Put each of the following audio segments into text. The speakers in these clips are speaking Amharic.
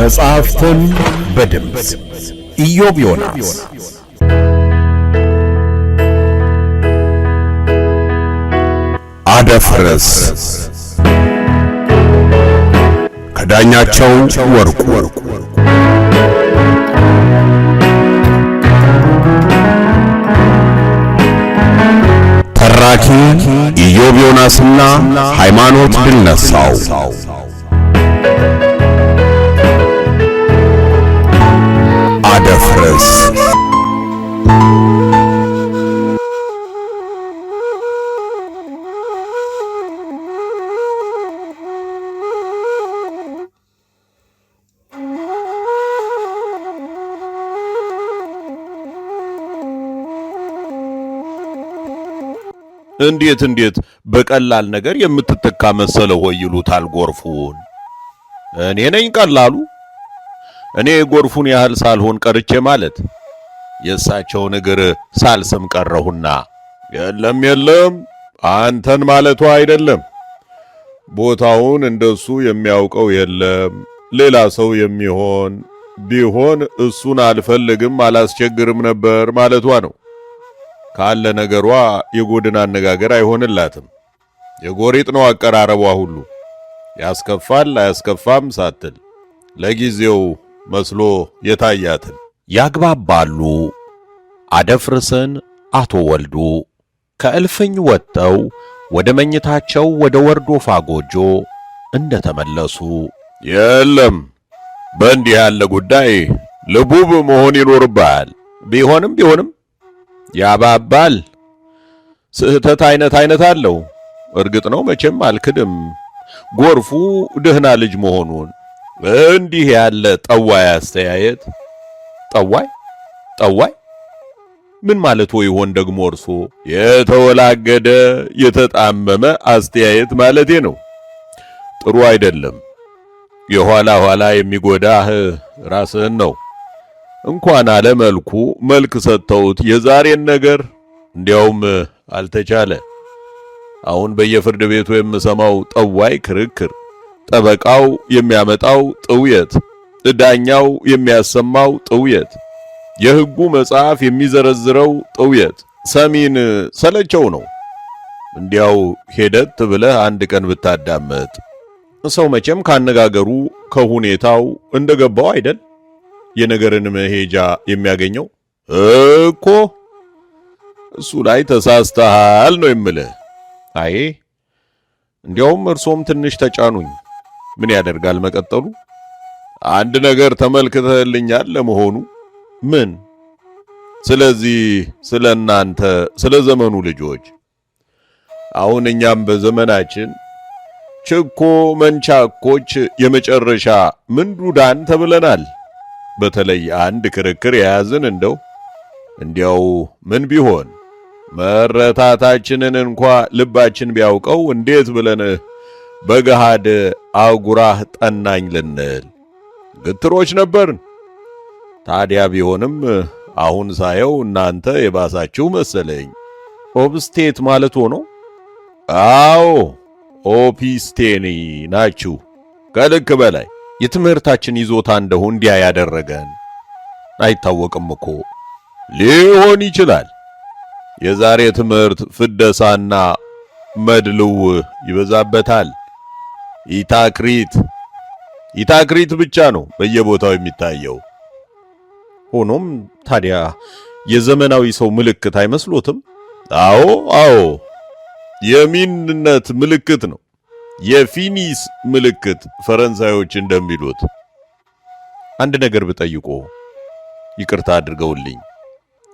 መጽሐፍትን በድምፅ ኢዮብ ዮናስ አደፍርስ ከዳኛቸው ወርቁ ተራኪ ኢዮብ ዮናስና ሃይማኖት ድል ማፍረስ እንዴት እንዴት በቀላል ነገር የምትተካ መሰለ ሆይ ይሉታል ጎርፉን። እኔ ነኝ ቀላሉ። እኔ ጎርፉን ያህል ሳልሆን ቀርቼ ማለት የእሳቸውን እግር ሳልስም ቀረሁና፣ የለም የለም አንተን ማለቷ አይደለም። ቦታውን እንደሱ የሚያውቀው የለም። ሌላ ሰው የሚሆን ቢሆን እሱን አልፈልግም አላስቸግርም ነበር ማለቷ ነው። ካለ ነገሯ የጎድን አነጋገር አይሆንላትም። የጎሪጥ ነው አቀራረቧ ሁሉ ያስከፋል አያስከፋም ሳትል ለጊዜው መስሎ የታያትን ያግባባሉ። አደፍርስን አቶ ወልዱ ከእልፍኝ ወጥተው ወደ መኝታቸው ወደ ወርዶፋ ጎጆ እንደ ተመለሱ የለም፣ በእንዲህ ያለ ጉዳይ ልቡብ መሆን ይኖርብሃል። ቢሆንም ቢሆንም ያባባል ስህተት አይነት አይነት አለው። እርግጥ ነው መቼም አልክድም፣ ጎርፉ ድህና ልጅ መሆኑን እንዲህ ያለ ጠዋይ አስተያየት ጠዋይ ጠዋይ ምን ማለት ይሆን ደግሞ? እርሶ የተወላገደ የተጣመመ አስተያየት ማለቴ ነው። ጥሩ አይደለም። የኋላ ኋላ የሚጎዳህ ራስህን ነው። እንኳን አለመልኩ መልክ ሰጥተውት የዛሬን ነገር እንዲያውም አልተቻለ። አሁን በየፍርድ ቤቱ የምሰማው ጠዋይ ክርክር ጠበቃው የሚያመጣው ጥውየት፣ ዳኛው የሚያሰማው ጥውየት፣ የሕጉ መጽሐፍ የሚዘረዝረው ጥውየት ሰሚን ሰለቸው ነው። እንዲያው ሄደት ብለህ አንድ ቀን ብታዳመጥ ሰው መቼም ካነጋገሩ ከሁኔታው እንደገባው አይደል የነገርን መሄጃ የሚያገኘው እኮ እሱ ላይ ተሳስተሃል ነው የምልህ። አይ እንዲያውም እርሶም ትንሽ ተጫኑኝ። ምን ያደርጋል መቀጠሉ። አንድ ነገር ተመልክተልኛል ለመሆኑ? ምን? ስለዚህ ስለ እናንተ ስለ ዘመኑ ልጆች አሁን እኛም በዘመናችን ችኮ መንቻኮች የመጨረሻ ምንዱዳን ተብለናል። በተለይ አንድ ክርክር የያዝን እንደው እንዲያው ምን ቢሆን መረታታችንን እንኳ ልባችን ቢያውቀው እንዴት ብለን በገሃድ አጉራህ ጠናኝ ልንል ግትሮች ነበርን። ታዲያ ቢሆንም አሁን ሳየው እናንተ የባሳችሁ መሰለኝ። ኦብስቴት ማለት ሆኖ? አዎ ኦፒስቴኒ ናችሁ ከልክ በላይ። የትምህርታችን ይዞታ እንደሁ እንዲያ ያደረገን አይታወቅም እኮ ሊሆን ይችላል። የዛሬ ትምህርት ፍደሳና መድልው ይበዛበታል። ኢታክሪት ኢታክሪት ብቻ ነው በየቦታው የሚታየው። ሆኖም ታዲያ የዘመናዊ ሰው ምልክት አይመስሎትም? አዎ አዎ፣ የሚንነት ምልክት ነው። የፊኒስ ምልክት ፈረንሳዮች እንደሚሉት። አንድ ነገር ብጠይቆ ይቅርታ አድርገውልኝ።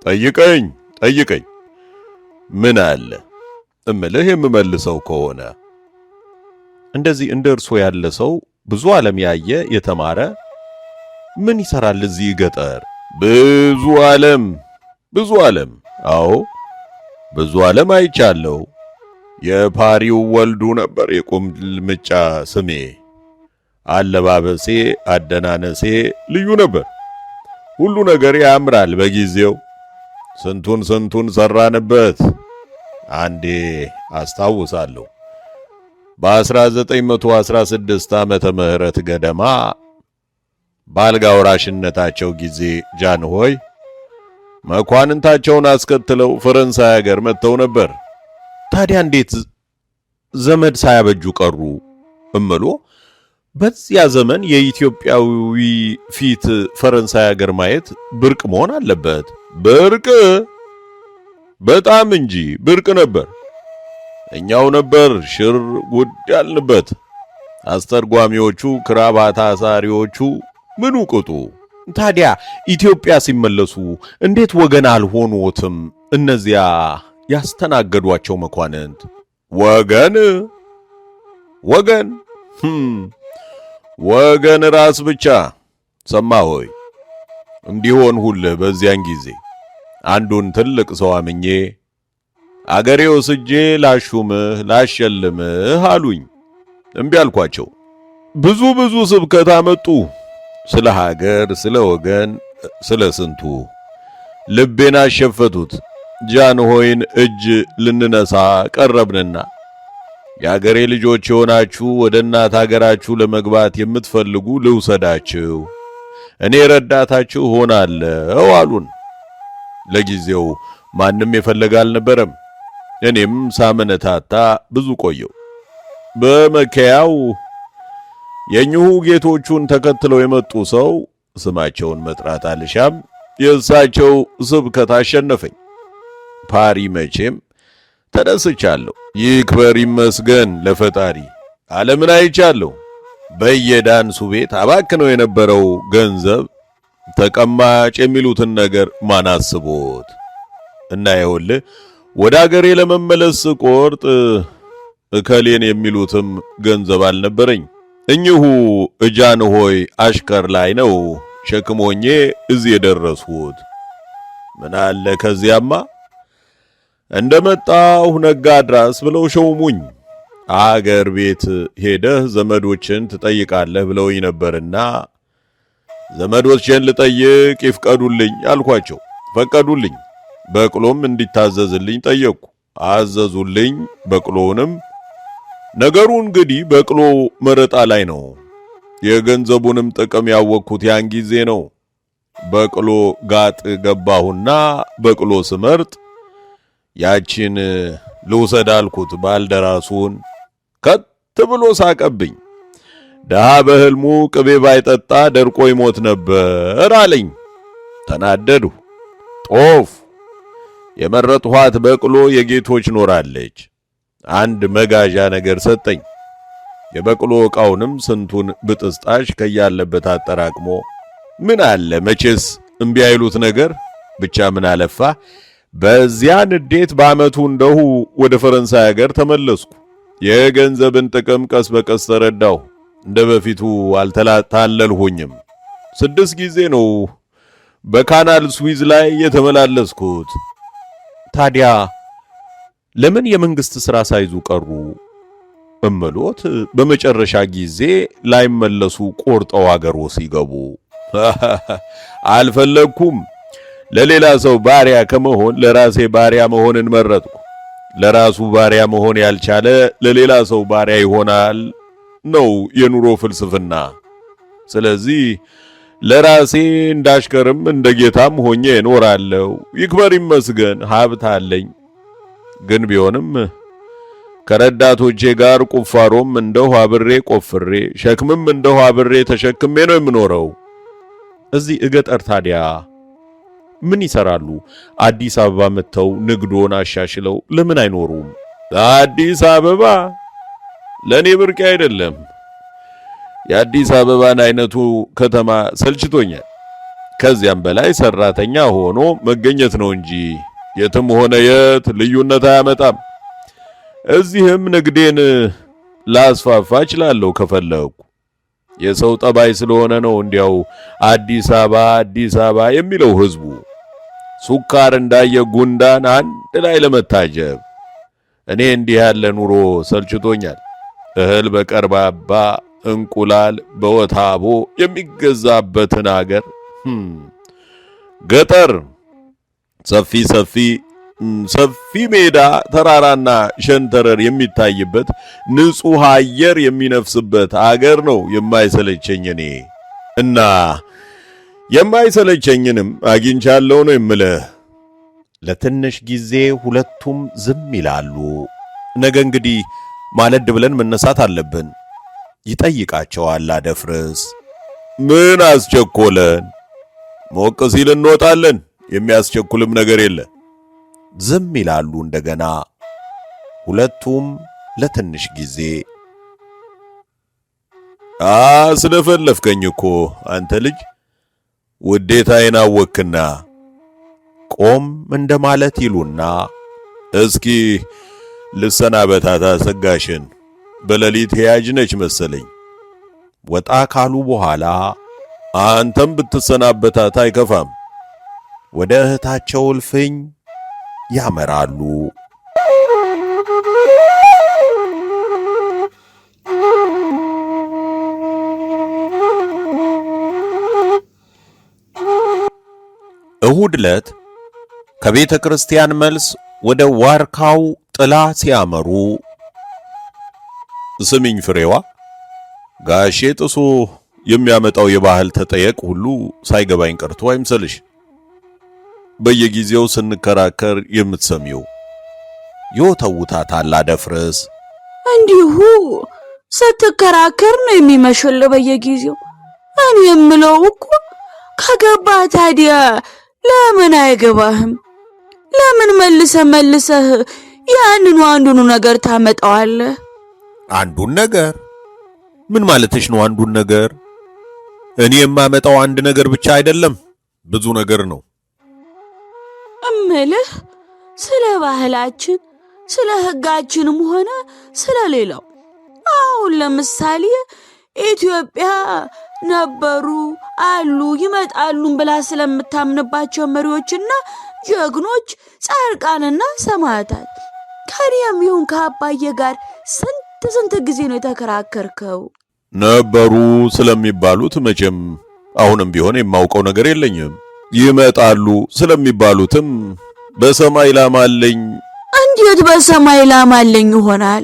ጠይቀኝ ጠይቀኝ፣ ምን አለ እምልህ የምመልሰው ከሆነ እንደዚህ እንደ እርሶ ያለ ሰው ብዙ ዓለም ያየ የተማረ ምን ይሰራል እዚህ ገጠር? ብዙ ዓለም ብዙ ዓለም። አዎ ብዙ ዓለም አይቻለሁ። የፓሪው ወልዱ ነበር የቁልምጫ ስሜ። አለባበሴ፣ አደናነሴ ልዩ ነበር። ሁሉ ነገር ያምራል በጊዜው። ስንቱን ስንቱን ሰራንበት። አንዴ አስታውሳለሁ በ1916 ዓመተ ምህረት ገደማ በአልጋ ወራሽነታቸው ጊዜ ጃንሆይ መኳንንታቸውን አስከትለው ፈረንሳይ ሀገር መጥተው ነበር። ታዲያ እንዴት ዘመድ ሳያበጁ ቀሩ? እምሎ በዚያ ዘመን የኢትዮጵያዊ ፊት ፈረንሳይ ሀገር ማየት ብርቅ መሆን አለበት። ብርቅ በጣም እንጂ ብርቅ ነበር። እኛው ነበር ሽር ጉድ ያልንበት። አስተርጓሚዎቹ፣ ክራባት አሳሪዎቹ ምኑ ቅጡ። ታዲያ ኢትዮጵያ ሲመለሱ እንዴት ወገን አልሆኖትም? እነዚያ ያስተናገዷቸው መኳንንት ወገን ወገን ወገን ራስ ብቻ። ሰማ ሆይ እንዲሆን ሁልህ በዚያን ጊዜ አንዱን ትልቅ ሰው አምኜ አገሬ ወስጄ ላሹምህ ላሸልምህ አሉኝ። እምቢ አልኳቸው። ብዙ ብዙ ስብከት አመጡ። ስለ ሀገር፣ ስለ ወገን፣ ስለ ስንቱ ልቤን አሸፈቱት። ጃንሆይን እጅ ልንነሳ ቀረብንና የአገሬ ልጆች የሆናችሁ ወደ እናት አገራችሁ ለመግባት የምትፈልጉ ልውሰዳችሁ፣ እኔ ረዳታችሁ ሆናለሁ አሉን። ለጊዜው ማንም የፈለገ አልነበረም። እኔም ሳመነታታ ብዙ ቆየው። በመከያው የእኚሁ ጌቶቹን ተከትለው የመጡ ሰው ስማቸውን መጥራት አልሻም፣ የእሳቸው ስብከት አሸነፈኝ። ፓሪ መቼም ተደስቻለሁ። ይክበር ይመስገን ለፈጣሪ። ዓለምን አይቻለሁ። በየዳንሱ ቤት አባክነው የነበረው ገንዘብ ተቀማጭ የሚሉትን ነገር ማን አስቦት እና ይኸውልህ ወደ አገሬ ለመመለስ ቆርጥ እከሌን የሚሉትም ገንዘብ አልነበረኝ። እኚሁ እጃንሆይ አሽከር ላይ ነው ሸክሞኜ እዚህ የደረስሁት። ምን አለ ከዚያማ እንደመጣሁ ነጋድራስ ብለው ሸውሙኝ። አገር ቤት ሄደህ ዘመዶችን ትጠይቃለህ ብለውኝ ነበርና ዘመዶችን ልጠይቅ ይፍቀዱልኝ አልኳቸው። ፈቀዱልኝ። በቅሎም እንዲታዘዝልኝ ጠየቅኩ። አዘዙልኝ በቅሎውንም። ነገሩ እንግዲህ በቅሎ መረጣ ላይ ነው። የገንዘቡንም ጥቅም ያወቅኩት ያን ጊዜ ነው። በቅሎ ጋጥ ገባሁና በቅሎ ስመርጥ ያቺን ልውሰድ አልኩት ባልደራሱን። ከት ብሎ ሳቀብኝ። ድሃ በሕልሙ ቅቤ ባይጠጣ ደርቆ ይሞት ነበር አለኝ። ተናደድሁ። ጦፍ የመረጥኋት በቅሎ የጌቶች ኖራለች። አንድ መጋዣ ነገር ሰጠኝ። የበቅሎ ዕቃውንም ስንቱን ብጥስጣሽ ከያለበት አጠራቅሞ ምን አለ መቼስ እምቢ አይሉት ነገር ብቻ ምን አለፋ በዚያ ንዴት በዓመቱ እንደሁ ወደ ፈረንሳይ ሀገር ተመለስኩ። የገንዘብን ጥቅም ቀስ በቀስ ተረዳሁ። እንደ በፊቱ አልተታለልሁኝም። ስድስት ጊዜ ነው በካናል ስዊዝ ላይ የተመላለስኩት። ታዲያ ለምን የመንግስት ሥራ ሳይዙ ቀሩ? እምሎት በመጨረሻ ጊዜ ላይመለሱ ቆርጠው አገሮ ሲገቡ አልፈለግኩም፣ ለሌላ ሰው ባሪያ ከመሆን ለራሴ ባሪያ መሆንን መረጥኩ። ለራሱ ባሪያ መሆን ያልቻለ ለሌላ ሰው ባሪያ ይሆናል ነው የኑሮ ፍልስፍና። ስለዚህ ለራሴ እንዳሽከርም እንደ ጌታም ሆኜ እኖራለሁ። ይክበር ይመስገን ሀብት አለኝ። ግን ቢሆንም ከረዳቶቼ ጋር ቁፋሮም እንደው አብሬ ቆፍሬ ሸክምም እንደው አብሬ ተሸክሜ ነው የምኖረው። እዚህ እገጠር ታዲያ ምን ይሰራሉ? አዲስ አበባ መጥተው ንግዶን አሻሽለው ለምን አይኖሩም? አዲስ አበባ ለኔ ብርቅ አይደለም። የአዲስ አበባን አይነቱ ከተማ ሰልችቶኛል። ከዚያም በላይ ሰራተኛ ሆኖ መገኘት ነው እንጂ የትም ሆነ የት ልዩነት አያመጣም። እዚህም ንግዴን ላስፋፋ እችላለሁ ከፈለግኩ። የሰው ጠባይ ስለሆነ ነው እንዲያው አዲስ አበባ አዲስ አበባ የሚለው ህዝቡ። ሱካር እንዳየ ጉንዳን አንድ ላይ ለመታጀብ። እኔ እንዲህ ያለ ኑሮ ሰልችቶኛል። እህል በቀርባባ እንቁላል በወታቦ የሚገዛበትን አገር ገጠር ሰፊ ሰፊ ሰፊ ሜዳ ተራራና ሸንተረር የሚታይበት ንጹሕ አየር የሚነፍስበት አገር ነው የማይሰለቸኝ እኔ እና የማይሰለቸኝንም አግኝቻለሁ ነው የምልህ። ለትንሽ ጊዜ ሁለቱም ዝም ይላሉ። ነገ እንግዲህ ማለድ ብለን መነሳት አለብን ይጠይቃቸዋል አደፍርስ። ምን አስቸኮለን? ሞቅ ሲል እንወጣለን። የሚያስቸኩልም ነገር የለ። ዝም ይላሉ እንደገና ሁለቱም ለትንሽ ጊዜ። አ እኮ አንተ ልጅ ውዴታዬን አወክና ቆም እንደማለት ይሉና እስኪ ልሰናበታት አሰጋሽን በሌሊት ያጅ ነች መሰለኝ። ወጣ ካሉ በኋላ አንተም ብትሰናበታት አይከፋም። ወደ እህታቸው እልፍኝ ያመራሉ። እሁድ ዕለት ከቤተ ክርስቲያን መልስ ወደ ዋርካው ጥላ ሲያመሩ ስሚኝ ፍሬዋ፣ ጋሼ ጥሶ የሚያመጣው የባህል ተጠየቅ ሁሉ ሳይገባኝ ቀርቶ አይምሰልሽ። በየጊዜው ስንከራከር የምትሰሚው ይወተውታታል አደፍርስ። እንዲሁ ስትከራከር ነው የሚመሽል በየጊዜው። እኔ የምለው እኮ ከገባ ታዲያ ለምን አይገባህም? ለምን መልሰ መልሰህ ያንኑ አንዱኑ ነገር ታመጣዋለህ? አንዱን ነገር። ምን ማለትሽ ነው? አንዱን ነገር? እኔ የማመጣው አንድ ነገር ብቻ አይደለም፣ ብዙ ነገር ነው እምልህ። ስለ ባህላችን፣ ስለ ህጋችንም ሆነ ስለ ሌላው አሁን ለምሳሌ ኢትዮጵያ ነበሩ አሉ ይመጣሉ ብላ ስለምታምንባቸው መሪዎችና ጀግኖች ጻድቃንና ሰማዕታት ከእኔም ይሁን ከአባዬ ጋር ስንት ስንት ጊዜ ነው የተከራከርከው? ነበሩ ስለሚባሉት መቼም አሁንም ቢሆን የማውቀው ነገር የለኝም። ይመጣሉ ስለሚባሉትም በሰማይ ላማለኝ። እንዴት በሰማይ ላማለኝ ይሆናል?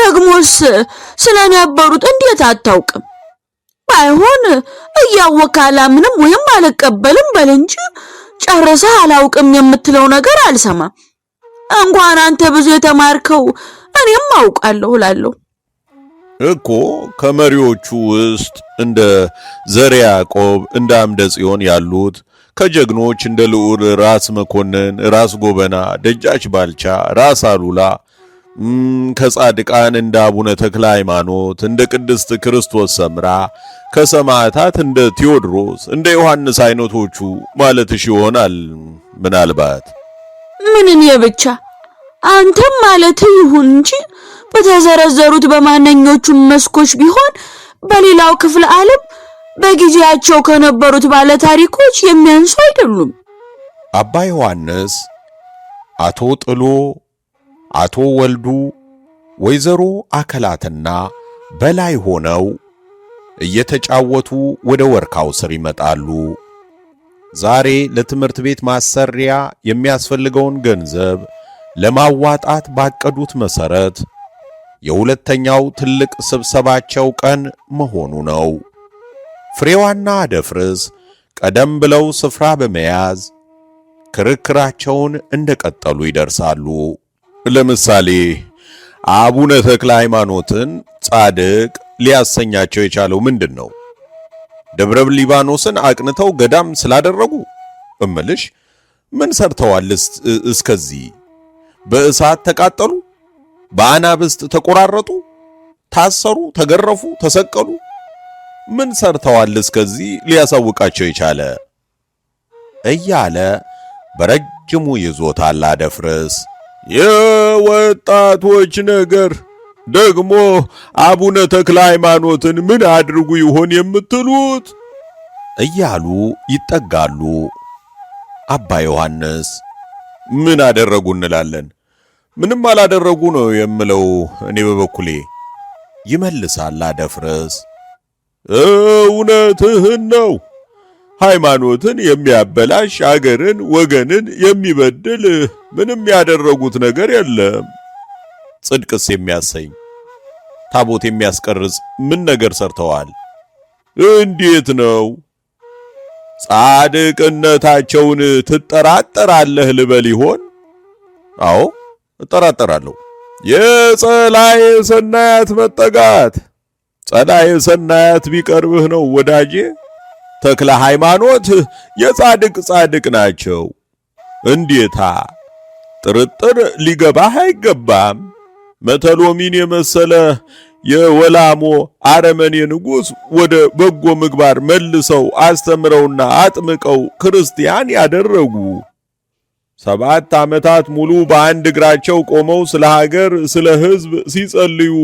ደግሞስ ስለነበሩት እንዴት አታውቅም? ባይሆን እያወካላ ምንም ወይም አልቀበልም በል እንጂ ጨርሰህ አላውቅም የምትለው ነገር አልሰማም። እንኳን አንተ ብዙ የተማርከው እኔም አውቃለሁ እላለሁ እኮ ከመሪዎቹ ውስጥ እንደ ዘርዓ ያዕቆብ እንደ አምደ ጽዮን ያሉት ከጀግኖች እንደ ልዑል ራስ መኮንን፣ ራስ ጎበና፣ ደጃች ባልቻ፣ ራስ አሉላ ከጻድቃን እንደ አቡነ ተክለ ሃይማኖት፣ እንደ ቅድስት ክርስቶስ ሰምራ፣ ከሰማዕታት እንደ ቴዎድሮስ፣ እንደ ዮሐንስ አይነቶቹ ማለትሽ ይሆናል። ምናልባት ምንን የብቻ አንተም ማለት ይሁን እንጂ በተዘረዘሩት በማንኞቹም መስኮች ቢሆን በሌላው ክፍለ ዓለም በጊዜያቸው ከነበሩት ባለ ታሪኮች የሚያንሱ አይደሉም። አባ ዮሐንስ፣ አቶ ጥሎ፣ አቶ ወልዱ፣ ወይዘሮ አከላትና በላይ ሆነው እየተጫወቱ ወደ ወርካው ስር ይመጣሉ። ዛሬ ለትምህርት ቤት ማሰሪያ የሚያስፈልገውን ገንዘብ ለማዋጣት ባቀዱት መሰረት የሁለተኛው ትልቅ ስብሰባቸው ቀን መሆኑ ነው። ፍሬዋና አደፍርስ ቀደም ብለው ስፍራ በመያዝ ክርክራቸውን እንደቀጠሉ ይደርሳሉ። ለምሳሌ አቡነ ተክለ ሃይማኖትን ጻድቅ ሊያሰኛቸው የቻለው ምንድን ነው? ደብረ ሊባኖስን አቅንተው ገዳም ስላደረጉ እምልሽ ምን ሰርተዋል እስከዚህ በእሳት ተቃጠሉ፣ በአናብስት ተቆራረጡ፣ ታሰሩ፣ ተገረፉ፣ ተሰቀሉ። ምን ሰርተዋል እስከዚህ ሊያሳውቃቸው የቻለ እያለ በረጅሙ ይዞታል አደፍርስ። የወጣቶች ነገር ደግሞ አቡነ ተክለ ሃይማኖትን ምን አድርጉ ይሆን የምትሉት እያሉ ይጠጋሉ። አባ ዮሐንስ ምን አደረጉ እንላለን። ምንም አላደረጉ ነው የምለው እኔ በበኩሌ ይመልሳል አደፍረስ። እውነትህን ነው። ሃይማኖትን የሚያበላሽ አገርን፣ ወገንን የሚበድል ምንም ያደረጉት ነገር የለም። ጽድቅስ የሚያሰኝ ታቦት የሚያስቀርጽ ምን ነገር ሰርተዋል? እንዴት ነው ጻድቅነታቸውን ትጠራጠራለህ ልበል ይሆን? አዎ እጠራጠራለሁ። የጸላይ ሰናያት መጠጋት ጸላይ ሰናያት ቢቀርብህ ነው ወዳጄ። ተክለ ሃይማኖት የጻድቅ ጻድቅ ናቸው። እንዴታ ጥርጥር ሊገባህ አይገባም። መተሎሚን የመሰለ የወላሞ አረመኔ ንጉሥ ወደ በጎ ምግባር መልሰው አስተምረውና አጥምቀው ክርስቲያን ያደረጉ ሰባት ዓመታት ሙሉ በአንድ እግራቸው ቆመው ስለ ሀገር፣ ስለ ሕዝብ ሲጸልዩ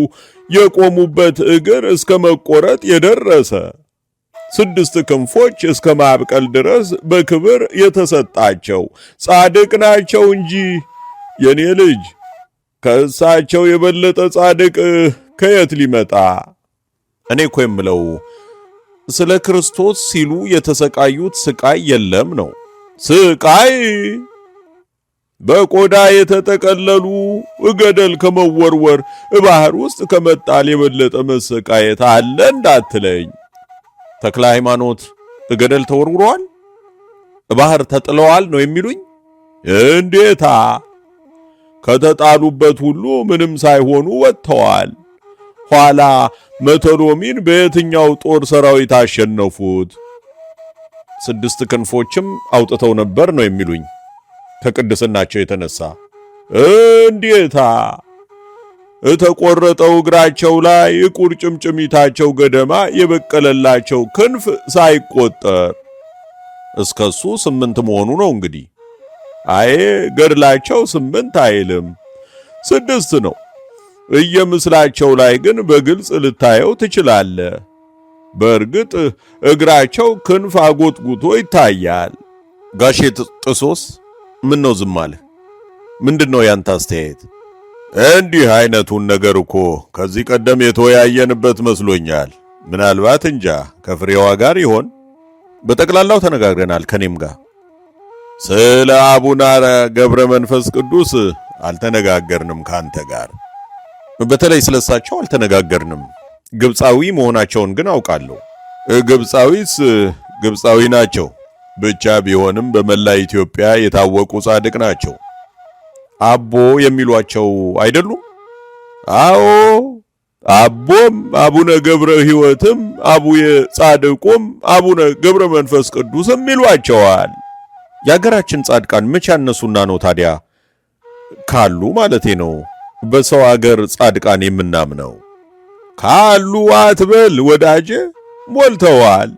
የቆሙበት እግር እስከ መቆረጥ የደረሰ ስድስት ክንፎች እስከ ማብቀል ድረስ በክብር የተሰጣቸው ጻድቅ ናቸው እንጂ የኔ ልጅ ከእሳቸው የበለጠ ጻድቅ ከየት ሊመጣ? እኔ እኮ የምለው ስለ ክርስቶስ ሲሉ የተሰቃዩት ስቃይ የለም ነው ስቃይ በቆዳ የተጠቀለሉ እገደል ከመወርወር ባህር ውስጥ ከመጣል የበለጠ መሰቃየት አለ እንዳትለኝ። ተክለ ሃይማኖት እገደል ተወርውረዋል፣ ባህር ተጥለዋል ነው የሚሉኝ? እንዴታ! ከተጣሉበት ሁሉ ምንም ሳይሆኑ ወጥተዋል። ኋላ መተሎሚን በየትኛው ጦር ሰራዊት አሸነፉት? ስድስት ክንፎችም አውጥተው ነበር ነው የሚሉኝ? ከቅድስናቸው የተነሳ እንዴታ እተቆረጠው እግራቸው ላይ ቁርጭምጭሚታቸው ገደማ የበቀለላቸው ክንፍ ሳይቆጠር እስከሱ ስምንት መሆኑ ነው። እንግዲህ አይ ገድላቸው ስምንት አይልም ስድስት ነው። እየምስላቸው ላይ ግን በግልጽ ልታየው ትችላለህ። በእርግጥ እግራቸው ክንፍ አጎጥጉቶ ይታያል። ጋሼ ጥሶስ ምን ነው ዝም አለ? ምንድን ነው ያንተ አስተያየት? እንዲህ አይነቱን ነገር እኮ ከዚህ ቀደም የተወያየንበት መስሎኛል። ምናልባት እንጃ ከፍሬዋ ጋር ይሆን? በጠቅላላው ተነጋግረናል ከኔም ጋር ስለ አቡነ ገብረ መንፈስ ቅዱስ አልተነጋገርንም ካንተ ጋር በተለይ ስለሳቸው አልተነጋገርንም። ግብፃዊ መሆናቸውን ግን አውቃለሁ። ግብፃዊስ ግብፃዊ ናቸው ብቻ ቢሆንም በመላ ኢትዮጵያ የታወቁ ጻድቅ ናቸው። አቦ የሚሏቸው አይደሉም? አዎ፣ አቦም አቡነ ገብረ ሕይወትም አቡየ ጻድቁም አቡነ ገብረ መንፈስ ቅዱስም ይሏቸዋል። የአገራችን ጻድቃን መቼ ያነሱና ነው ታዲያ? ካሉ ማለቴ ነው። በሰው አገር ጻድቃን የምናምነው ካሉ አትበል ወዳጄ፣ ሞልተዋል።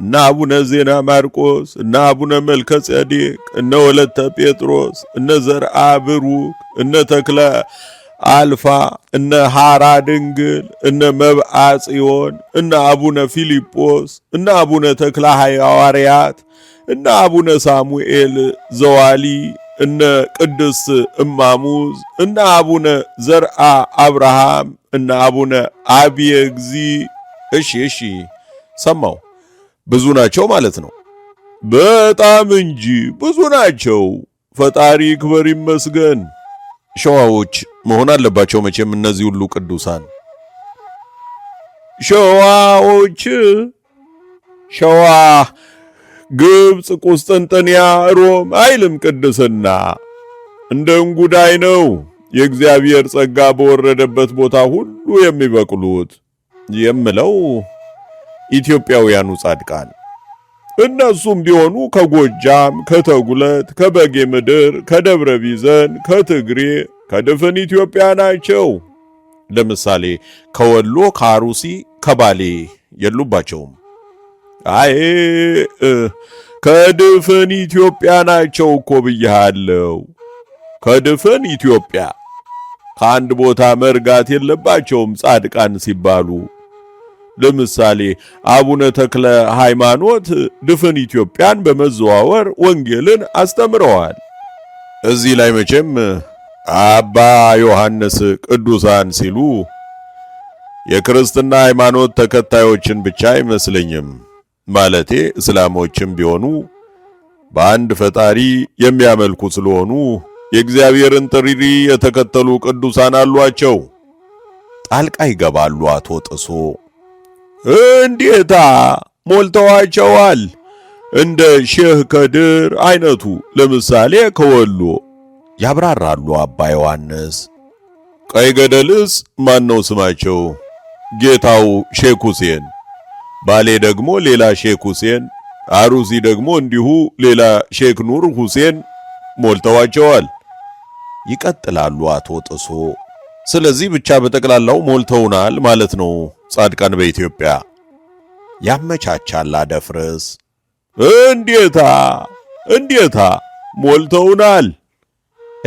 እነ አቡነ ዜና ማርቆስ፣ እነ አቡነ መልከ ጸዴቅ፣ እነ ወለተ ጴጥሮስ፣ እነ ዘርአ ብሩክ፣ እነ ተክለ አልፋ፣ እነ ሐራ ድንግል፣ እነ መብአ ጽዮን፣ እነ አቡነ ፊልጶስ፣ እነ አቡነ ተክለ ሐዋርያት፣ እነ አቡነ ሳሙኤል ዘዋሊ፣ እነ ቅድስት እማሙዝ፣ እነ አቡነ ዘርአ አብርሃም፣ እነ አቡነ አብየ እሺ እሺ፣ ሰማው ብዙ ናቸው ማለት ነው። በጣም እንጂ ብዙ ናቸው። ፈጣሪ ይክበር ይመስገን። ሸዋዎች መሆን አለባቸው መቼም እነዚህ ሁሉ ቅዱሳን ሸዋዎች ሸዋ ግብፅ፣ ቁስጥንጥንያ፣ ሮም አይልም ቅድስና እንደ እንጉዳይ ነው። የእግዚአብሔር ጸጋ በወረደበት ቦታ ሁሉ የሚበቅሉት የምለው ኢትዮጵያውያኑ ጻድቃን እነሱም ቢሆኑ ከጎጃም፣ ከተጉለት፣ ከበጌ ምድር፣ ከደብረ ቢዘን፣ ከትግሬ፣ ከድፍን ኢትዮጵያ ናቸው። ለምሳሌ ከወሎ፣ ከአሩሲ፣ ከባሌ የሉባቸውም። አይ ከድፍን ኢትዮጵያ ናቸው እኮ ብያለሁ። ከድፍን ኢትዮጵያ ከአንድ ቦታ መርጋት የለባቸውም ጻድቃን ሲባሉ ለምሳሌ አቡነ ተክለ ሃይማኖት ድፍን ኢትዮጵያን በመዘዋወር ወንጌልን አስተምረዋል። እዚህ ላይ መቼም አባ ዮሐንስ ቅዱሳን ሲሉ የክርስትና ሃይማኖት ተከታዮችን ብቻ አይመስለኝም። ማለቴ እስላሞችም ቢሆኑ በአንድ ፈጣሪ የሚያመልኩ ስለሆኑ የእግዚአብሔርን ጥሪሪ የተከተሉ ቅዱሳን አሏቸው። ጣልቃ ይገባሉ አቶ ጥሶ። እንዴታ ሞልተዋቸዋል። እንደ ሼህ ከድር አይነቱ ለምሳሌ ከወሎ ያብራራሉ አባ ዮሐንስ። ቀይ ገደልስ ማን ነው ስማቸው? ጌታው ሼክ ሁሴን፣ ባሌ ደግሞ ሌላ ሼክ ሁሴን፣ አሩሲ ደግሞ እንዲሁ ሌላ ሼክ ኑር ሁሴን ሞልተዋቸዋል። ይቀጥላሉ አቶ ጥሶ ስለዚህ ብቻ በጠቅላላው ሞልተውናል ማለት ነው። ጻድቃን በኢትዮጵያ ያመቻቻል አደፍርስ። እንዴታ እንዴታ ሞልተውናል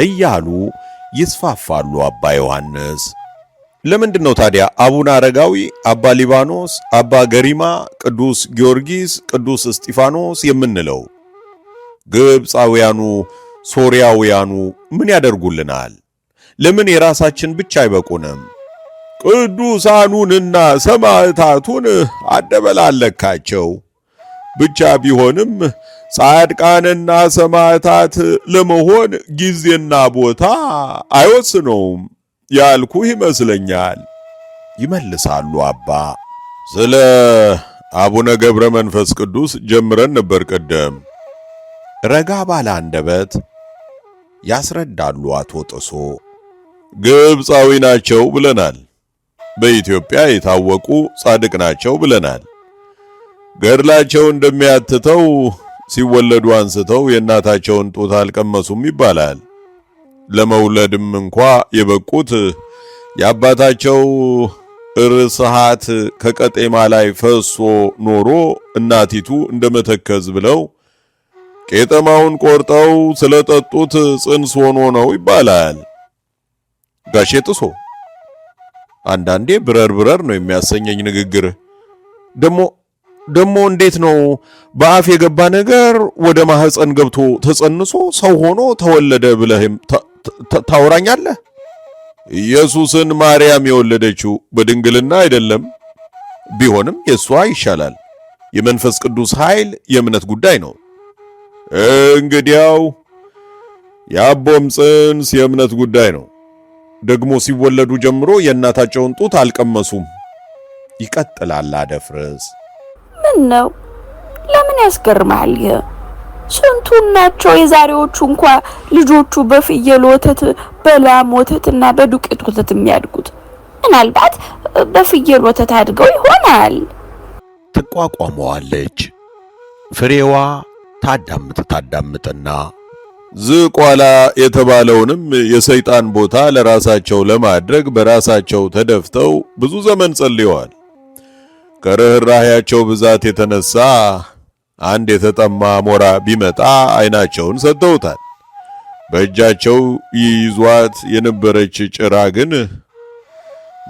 እያሉ ይስፋፋሉ አባ ዮሐንስ። ለምንድን ነው ታዲያ አቡነ አረጋዊ፣ አባ ሊባኖስ፣ አባ ገሪማ፣ ቅዱስ ጊዮርጊስ፣ ቅዱስ እስጢፋኖስ የምንለው? ግብፃውያኑ፣ ሶርያውያኑ ምን ያደርጉልናል? ለምን የራሳችን ብቻ አይበቁንም? ቅዱሳኑንና ሰማዕታቱን አደበላለካቸው። ብቻ ቢሆንም ጻድቃንና ሰማዕታት ለመሆን ጊዜና ቦታ አይወስነውም ያልኩህ ይመስለኛል ይመልሳሉ አባ። ስለ አቡነ ገብረ መንፈስ ቅዱስ ጀምረን ነበር ቀደም። ረጋ ባለ አንደበት ያስረዳሉ አቶ ጥሶ። ግብፃዊ ናቸው ብለናል። በኢትዮጵያ የታወቁ ጻድቅ ናቸው ብለናል። ገድላቸው እንደሚያትተው ሲወለዱ አንስተው የእናታቸውን ጡት አልቀመሱም ይባላል። ለመውለድም እንኳ የበቁት የአባታቸው እርስሃት ከቀጤማ ላይ ፈሶ ኖሮ እናቲቱ እንደመተከዝ ብለው ቄጠማውን ቆርጠው ስለጠጡት ጽንስ ሆኖ ነው ይባላል። ጋሼ ጥሶ፣ አንዳንዴ ብረር ብረር ነው የሚያሰኘኝ ንግግር! ደሞ ደሞ እንዴት ነው በአፍ የገባ ነገር ወደ ማህፀን ገብቶ ተጸንሶ ሰው ሆኖ ተወለደ ብለህም ታውራኛለህ! ኢየሱስን ማርያም የወለደችው በድንግልና አይደለም። ቢሆንም የእሷ ይሻላል። የመንፈስ ቅዱስ ኃይል የእምነት ጉዳይ ነው። እንግዲያው የአቦም ጽንስ የእምነት ጉዳይ ነው። ደግሞ ሲወለዱ ጀምሮ የእናታቸውን ጡት አልቀመሱም። ይቀጥላል አደፍርስ። ምን ነው ለምን ያስገርማል? ይህ? ስንቱ ናቸው የዛሬዎቹ እንኳ ልጆቹ በፍየል ወተት፣ በላም ወተት እና በዱቄት ወተት የሚያድጉት። ምናልባት በፍየል ወተት አድገው ይሆናል። ትቋቋመዋለች። ፍሬዋ ታዳምጥ ታዳምጥና ዝቋላ የተባለውንም የሰይጣን ቦታ ለራሳቸው ለማድረግ በራሳቸው ተደፍተው ብዙ ዘመን ጸልየዋል። ከርኅራኄያቸው ብዛት የተነሳ አንድ የተጠማ ሞራ ቢመጣ ዓይናቸውን ሰጥተውታል። በእጃቸው ይይዟት የነበረች ጭራ ግን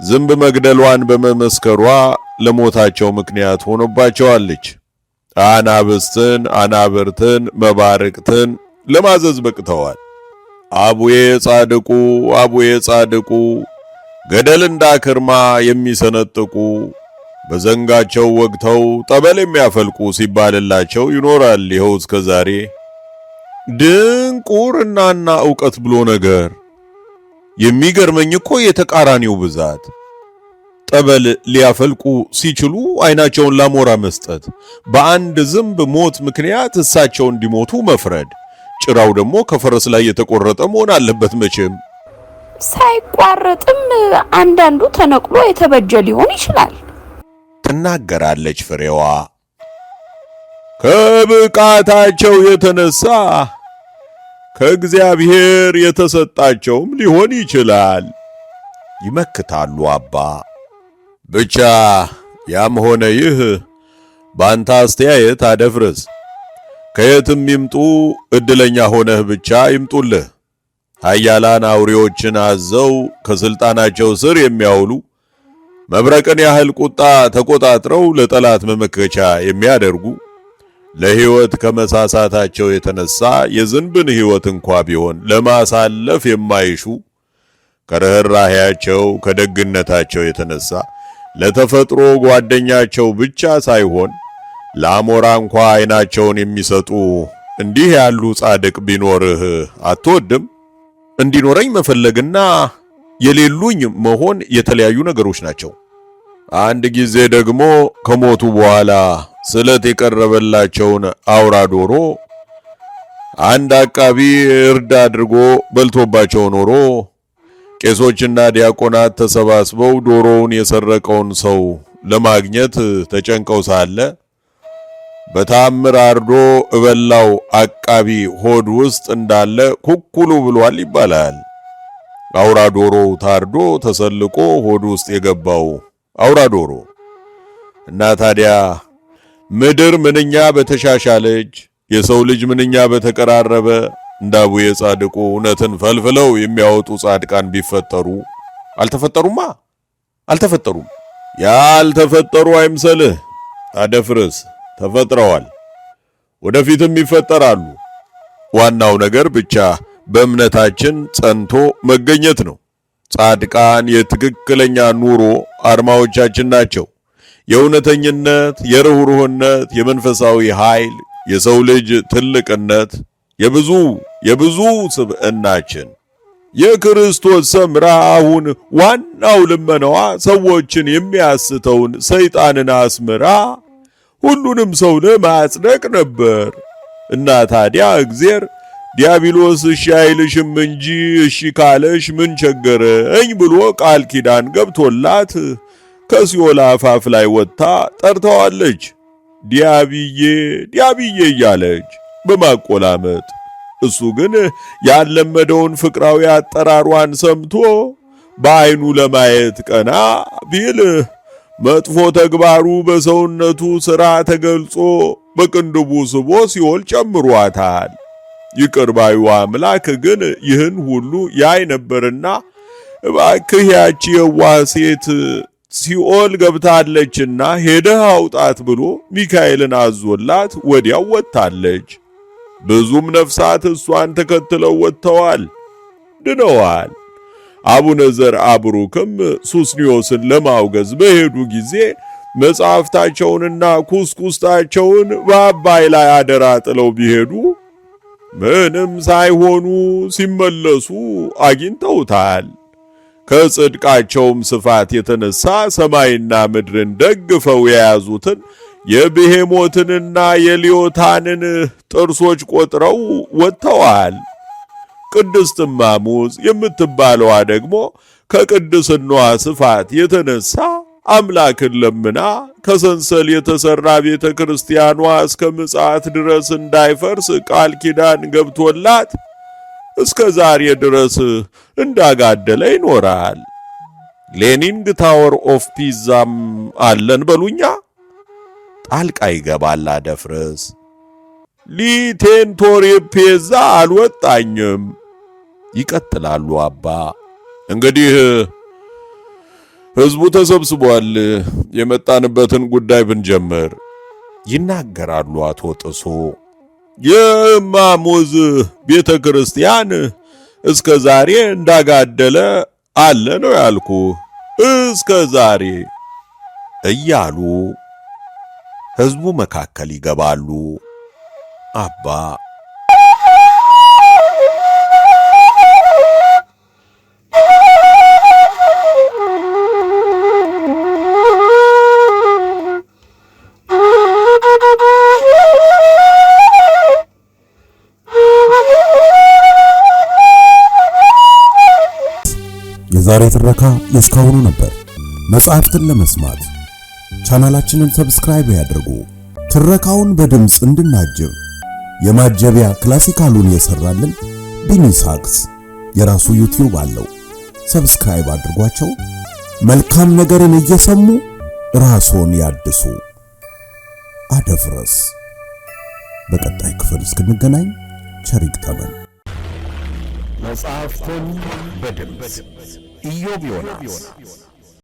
ዝንብ መግደሏን በመመስከሯ ለሞታቸው ምክንያት ሆኖባቸዋለች። አናብስትን፣ አናብርትን፣ መባርቅትን ለማዘዝ በቅተዋል። አቡዬ ጻድቁ አቡዬ ጻድቁ ገደል እንዳክርማ የሚሰነጥቁ በዘንጋቸው ወግተው ጠበል የሚያፈልቁ ሲባልላቸው ይኖራል። ይኸው እስከ ዛሬ ድንቁርናና ዕውቀት ብሎ ነገር። የሚገርመኝ እኮ የተቃራኒው ብዛት ጠበል ሊያፈልቁ ሲችሉ አይናቸውን ላሞራ መስጠት፣ በአንድ ዝንብ ሞት ምክንያት እሳቸው እንዲሞቱ መፍረድ ጭራው ደግሞ ከፈረስ ላይ የተቆረጠ መሆን አለበት። መቼም ሳይቋረጥም አንዳንዱ ተነቅሎ የተበጀ ሊሆን ይችላል ትናገራለች ፍሬዋ። ከብቃታቸው የተነሳ ከእግዚአብሔር የተሰጣቸውም ሊሆን ይችላል ይመክታሉ አባ። ብቻ ያም ሆነ ይህ ባንተ አስተያየት አደፍርስ ከየትም ይምጡ እድለኛ ሆነህ ብቻ ይምጡልህ። ኃያላን አውሬዎችን አዘው ከስልጣናቸው ስር የሚያውሉ መብረቅን ያህል ቁጣ ተቆጣጥረው ለጠላት መመከቻ የሚያደርጉ ለሕይወት ከመሳሳታቸው የተነሳ የዝንብን ሕይወት እንኳ ቢሆን ለማሳለፍ የማይሹ ከርኅራኄያቸው ከደግነታቸው የተነሳ ለተፈጥሮ ጓደኛቸው ብቻ ሳይሆን ለአሞራ እንኳ ዓይናቸውን የሚሰጡ እንዲህ ያሉ ጻድቅ ቢኖርህ አትወድም? እንዲኖረኝ መፈለግና የሌሉኝ መሆን የተለያዩ ነገሮች ናቸው። አንድ ጊዜ ደግሞ ከሞቱ በኋላ ስለት የቀረበላቸውን አውራ ዶሮ አንድ አቃቢ እርድ አድርጎ በልቶባቸው ኖሮ ቄሶችና ዲያቆናት ተሰባስበው ዶሮውን የሰረቀውን ሰው ለማግኘት ተጨንቀው ሳለ በታምር አርዶ እበላው አቃቢ ሆድ ውስጥ እንዳለ ኩኩሉ ብሏል ይባላል። አውራ ዶሮ ታርዶ ተሰልቆ ሆድ ውስጥ የገባው አውራ ዶሮ እና ታዲያ ምድር ምንኛ በተሻሻለች የሰው ልጅ ምንኛ በተቀራረበ እንደ አቡየ ጻድቁ እውነትን ፈልፍለው የሚያወጡ ጻድቃን ቢፈጠሩ አልተፈጠሩማ፣ አልተፈጠሩም። ያልተፈጠሩ አይምሰልህ አደፍርስ ተፈጥረዋል፣ ወደፊትም ይፈጠራሉ። ዋናው ነገር ብቻ በእምነታችን ጸንቶ መገኘት ነው። ጻድቃን የትክክለኛ ኑሮ አርማዎቻችን ናቸው። የእውነተኝነት፣ የርኅሩህነት፣ የመንፈሳዊ ኃይል፣ የሰው ልጅ ትልቅነት፣ የብዙ የብዙ ስብዕናችን የክርስቶስ ሰምራ አሁን ዋናው ልመናዋ ሰዎችን የሚያስተውን ሰይጣንን አስምራ ሁሉንም ሰው ለማጽደቅ ነበር። እና ታዲያ እግዜር ዲያብሎስ እሺ አይልሽም እንጂ እሺ ካለሽ ምን ቸገረኝ ብሎ ቃል ኪዳን ገብቶላት ከሲኦል አፋፍ ላይ ወጥታ ጠርተዋለች። ዲያብዬ ዲያብዬ እያለች በማቆላመጥ እሱ ግን ያለመደውን ፍቅራዊ አጠራሯን ሰምቶ በአይኑ ለማየት ቀና ቢል መጥፎ ተግባሩ በሰውነቱ ሥራ ተገልጾ በቅንድቡ ስቦ ሲኦል ጨምሯታል። ይቅር ባዩ አምላክ ግን ይህን ሁሉ ያይ ነበርና እባክህ ያቺ የዋህ ሴት ሲኦል ገብታለችና ሄደህ አውጣት ብሎ ሚካኤልን አዞላት ወዲያው ወጥታለች። ብዙም ነፍሳት እሷን ተከትለው ወጥተዋል፣ ድነዋል። አቡነ ዘርአ ቡሩክም ሱስኒዮስን ለማውገዝ በሄዱ ጊዜ መጽሐፍታቸውንና ኩስኩስታቸውን በአባይ ላይ አደራ ጥለው ቢሄዱ ምንም ሳይሆኑ ሲመለሱ አግኝተውታል። ከጽድቃቸውም ስፋት የተነሳ ሰማይና ምድርን ደግፈው የያዙትን የብሄሞትንና የሊዮታንን ጥርሶች ቆጥረው ወጥተዋል። ቅድስት አሙስ የምትባለዋ ደግሞ ከቅድስናዋ ስፋት የተነሳ አምላክን ለምና ከሰንሰል የተሰራ ቤተ ክርስቲያኗ እስከ ምጽአት ድረስ እንዳይፈርስ ቃል ኪዳን ገብቶላት እስከ ዛሬ ድረስ እንዳጋደለ ይኖራል። ሌኒንግ ታወር ኦፍ ፒዛም አለን በሉኛ። ጣልቃ ይገባል አደፍርስ። ፔዛ አልወጣኝም። ይቀጥላሉ አባ እንግዲህ ህዝቡ ተሰብስቧል። የመጣንበትን ጉዳይ ብንጀምር ይናገራሉ አቶ ጥሶ። የማሙዝ ቤተ ክርስቲያን እስከ ዛሬ እንዳጋደለ አለ ነው ያልኩ እስከ ዛሬ እያሉ ህዝቡ መካከል ይገባሉ። አባ የዛሬ ትረካ የእስካሁኑ ነበር። መጽሐፍትን ለመስማት ቻናላችንን ሰብስክራይብ ያድርጉ። ትረካውን በድምፅ እንድናጅብ የማጀቢያ ክላሲካሉን የሰራልን ቢኒ ሳክስ የራሱ ዩቲዩብ አለው። ሰብስክራይብ አድርጓቸው። መልካም ነገርን እየሰሙ ራስዎን ያድሱ። አደፍረስ በቀጣይ ክፍል እስክንገናኝ ቸር ይግጠመን። መጽሐፍትን በድምፅ ኢዮብ ዮናስ